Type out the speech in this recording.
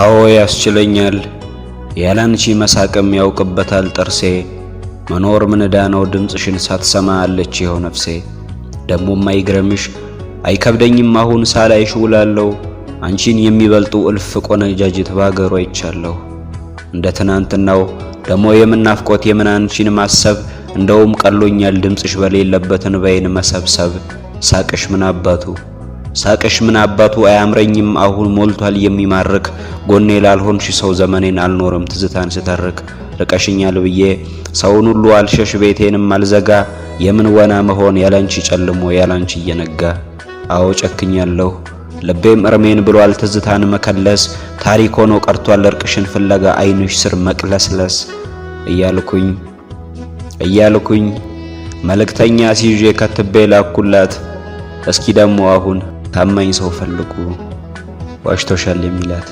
አዎ ያስችለኛል። ያላንቺ መሳቅም ያውቅበታል ጥርሴ። መኖር ምን ዕዳ ነው ድምፅሽን ሳትሰማ አለች ይኸው ነፍሴ። ደሞም አይግረምሽ አይከብደኝም አሁን ሳላይሽ ውላለሁ። አንቺን የሚበልጡ እልፍ ቆነጃጅት ባገሩ አይቻለሁ። እንደ ትናንትናው ደሞ የምናፍቆት የምናንቺን ማሰብ እንደውም ቀሎኛል ድምፅሽ በሌለበትን በይን መሰብሰብ። ሳቅሽ ምን አባቱ ሳቅሽ ምን አባቱ አያምረኝም አሁን ሞልቷል የሚማርክ ጎኔ ላልሆን ሺ ሰው ዘመኔን አልኖርም ትዝታን ስተርክ ርቀሽኛል ብዬ ሰውን ሁሉ አልሸሽ ቤቴንም አልዘጋ የምን ወና መሆን ያላንቺ ጨልሞ ያላንቺ እየነጋ አዎ ጨክኛለሁ ልቤም እርሜን ብሏል ትዝታን መከለስ ታሪክ ሆኖ ቀርቷል እርቅሽን ፍለጋ አይንሽ ስር መቅለስለስ እያልኩኝ እያልኩኝ መልእክተኛ ሲዤ ከትቤ ላኩላት። እስኪ ደግሞ አሁን ታማኝ ሰው ፈልጉ ዋሽቶሻል የሚላት